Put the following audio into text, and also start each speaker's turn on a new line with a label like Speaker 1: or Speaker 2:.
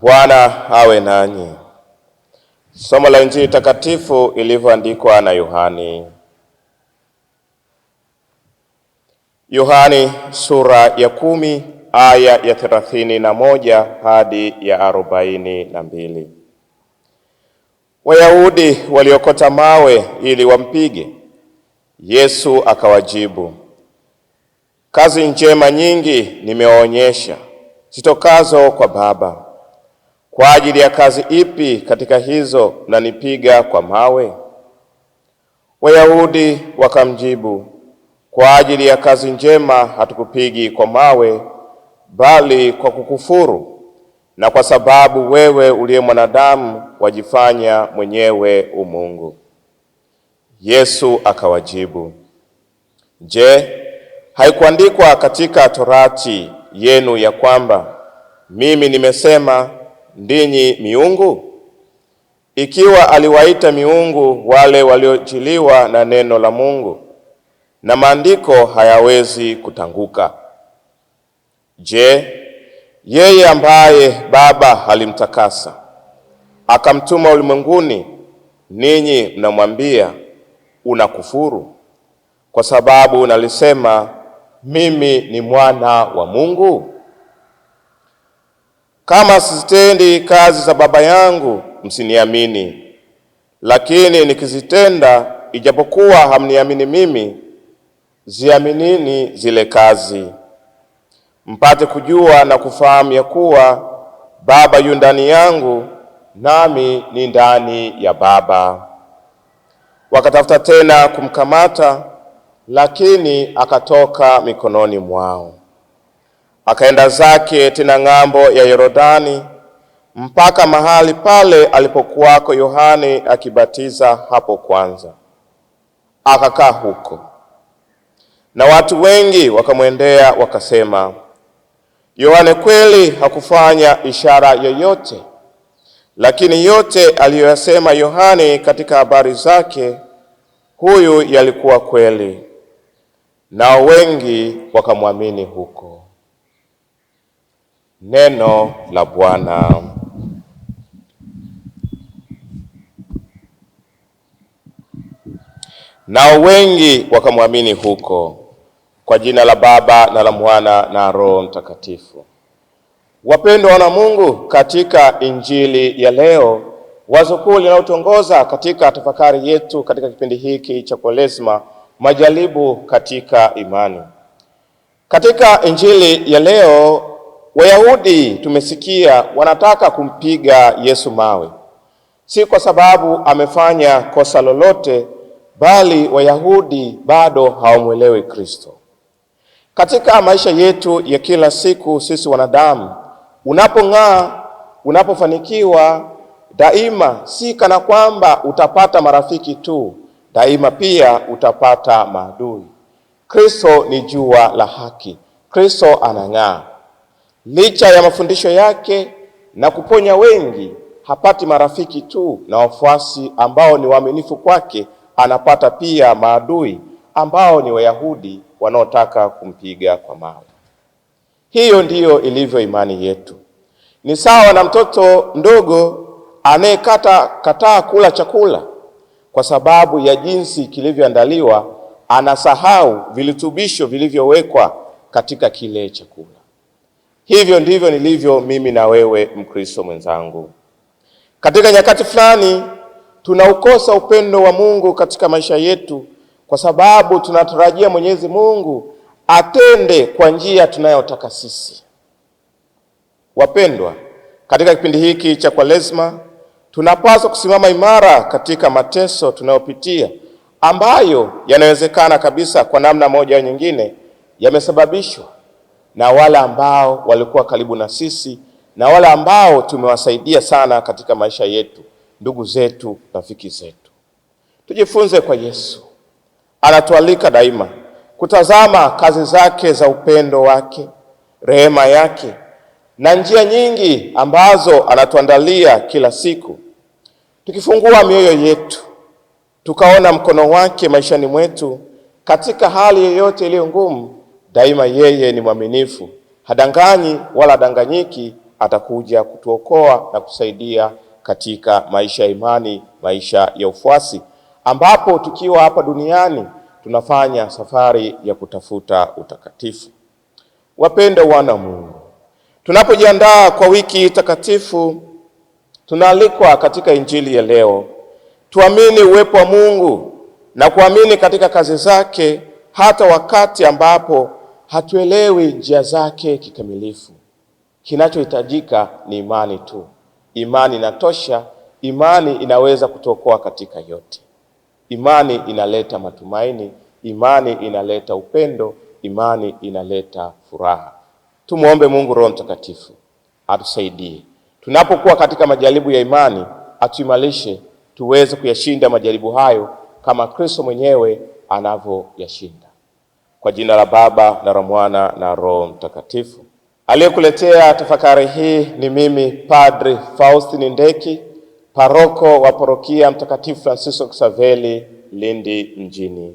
Speaker 1: Bwana awe nanyi. Somo la Injili takatifu ilivyoandikwa na Yohani. Yohani sura ya kumi aya ya thelathini na moja hadi ya arobaini na mbili. Wayahudi waliokota mawe ili wampige Yesu akawajibu, kazi njema nyingi nimewaonyesha zitokazo kwa Baba kwa ajili ya kazi ipi katika hizo mnanipiga kwa mawe? Wayahudi wakamjibu, kwa ajili ya kazi njema hatukupigi kwa mawe, bali kwa kukufuru na kwa sababu wewe uliye mwanadamu wajifanya mwenyewe umungu. Yesu akawajibu, Je, haikuandikwa katika torati yenu ya kwamba mimi nimesema ndinyi miungu? Ikiwa aliwaita miungu wale walioachiliwa na neno la Mungu, na maandiko hayawezi kutanguka. Je, yeye ambaye Baba alimtakasa akamtuma ulimwenguni, ninyi mnamwambia unakufuru kwa sababu nalisema mimi ni mwana wa Mungu? Kama sizitendi kazi za Baba yangu msiniamini, lakini nikizitenda, ijapokuwa hamniamini mimi, ziaminini zile kazi, mpate kujua na kufahamu ya kuwa Baba yu ndani yangu nami ni ndani ya Baba. Wakatafuta tena kumkamata, lakini akatoka mikononi mwao akaenda zake tena ng'ambo ya Yordani mpaka mahali pale alipokuwako Yohane akibatiza hapo kwanza, akakaa huko. Na watu wengi wakamwendea wakasema, Yohane kweli hakufanya ishara yoyote, lakini yote aliyoyasema Yohane katika habari zake, huyu yalikuwa kweli, nao wengi wakamwamini huko. Neno la Bwana. Nao wengi wakamwamini huko. Kwa jina la Baba na la Mwana na Roho Mtakatifu. Wapendwa wana Mungu, katika injili ya leo, wazo kuu linalotongoza katika tafakari yetu katika kipindi hiki cha Kwaresma, majaribu katika imani. Katika injili ya leo Wayahudi tumesikia wanataka kumpiga Yesu mawe, si kwa sababu amefanya kosa lolote, bali Wayahudi bado hawamwelewi Kristo. Katika maisha yetu ya kila siku, sisi wanadamu, unapong'aa, unapofanikiwa, daima si kana kwamba utapata marafiki tu, daima pia utapata maadui. Kristo ni jua la haki, Kristo anang'aa licha ya mafundisho yake na kuponya wengi, hapati marafiki tu na wafuasi ambao ni waaminifu kwake, anapata pia maadui ambao ni Wayahudi wanaotaka kumpiga kwa mawe. Hiyo ndiyo ilivyo imani yetu. Ni sawa na mtoto mdogo anayekata kataa kula chakula kwa sababu ya jinsi kilivyoandaliwa, anasahau virutubisho vilivyowekwa katika kile chakula. Hivyo ndivyo nilivyo mimi na wewe, Mkristo mwenzangu. Katika nyakati fulani tunaukosa upendo wa Mungu katika maisha yetu, kwa sababu tunatarajia Mwenyezi Mungu atende kwa njia tunayotaka sisi. Wapendwa, katika kipindi hiki cha Kwaresma tunapaswa kusimama imara katika mateso tunayopitia, ambayo yanawezekana kabisa kwa namna moja au nyingine yamesababishwa na wale ambao walikuwa karibu na sisi na wale ambao tumewasaidia sana katika maisha yetu, ndugu zetu, rafiki zetu. Tujifunze kwa Yesu, anatualika daima kutazama kazi zake za upendo wake, rehema yake na njia nyingi ambazo anatuandalia kila siku. Tukifungua mioyo yetu tukaona mkono wake maishani mwetu katika hali yoyote iliyo ngumu Daima yeye ni mwaminifu, hadanganyi wala hadanganyiki. Atakuja kutuokoa na kusaidia katika maisha ya imani, maisha ya ufuasi, ambapo tukiwa hapa duniani tunafanya safari ya kutafuta utakatifu. Wapenda wana Mungu, tunapojiandaa kwa wiki takatifu, tunaalikwa katika injili ya leo tuamini uwepo wa Mungu na kuamini katika kazi zake, hata wakati ambapo hatuelewi njia zake kikamilifu. Kinachohitajika ni imani tu. Imani inatosha. Imani inaweza kutuokoa katika yote. Imani inaleta matumaini, imani inaleta upendo, imani inaleta furaha. Tumwombe Mungu Roho Mtakatifu atusaidie tunapokuwa katika majaribu ya imani, atuimarishe tuweze kuyashinda majaribu hayo kama Kristo mwenyewe anavyoyashinda. Kwa jina la Baba na la Mwana na Roho Mtakatifu. Aliyekuletea tafakari hii ni mimi Padri Faustin Ndeki, paroko wa parokia Mtakatifu Francisco Xaveri, Lindi mjini.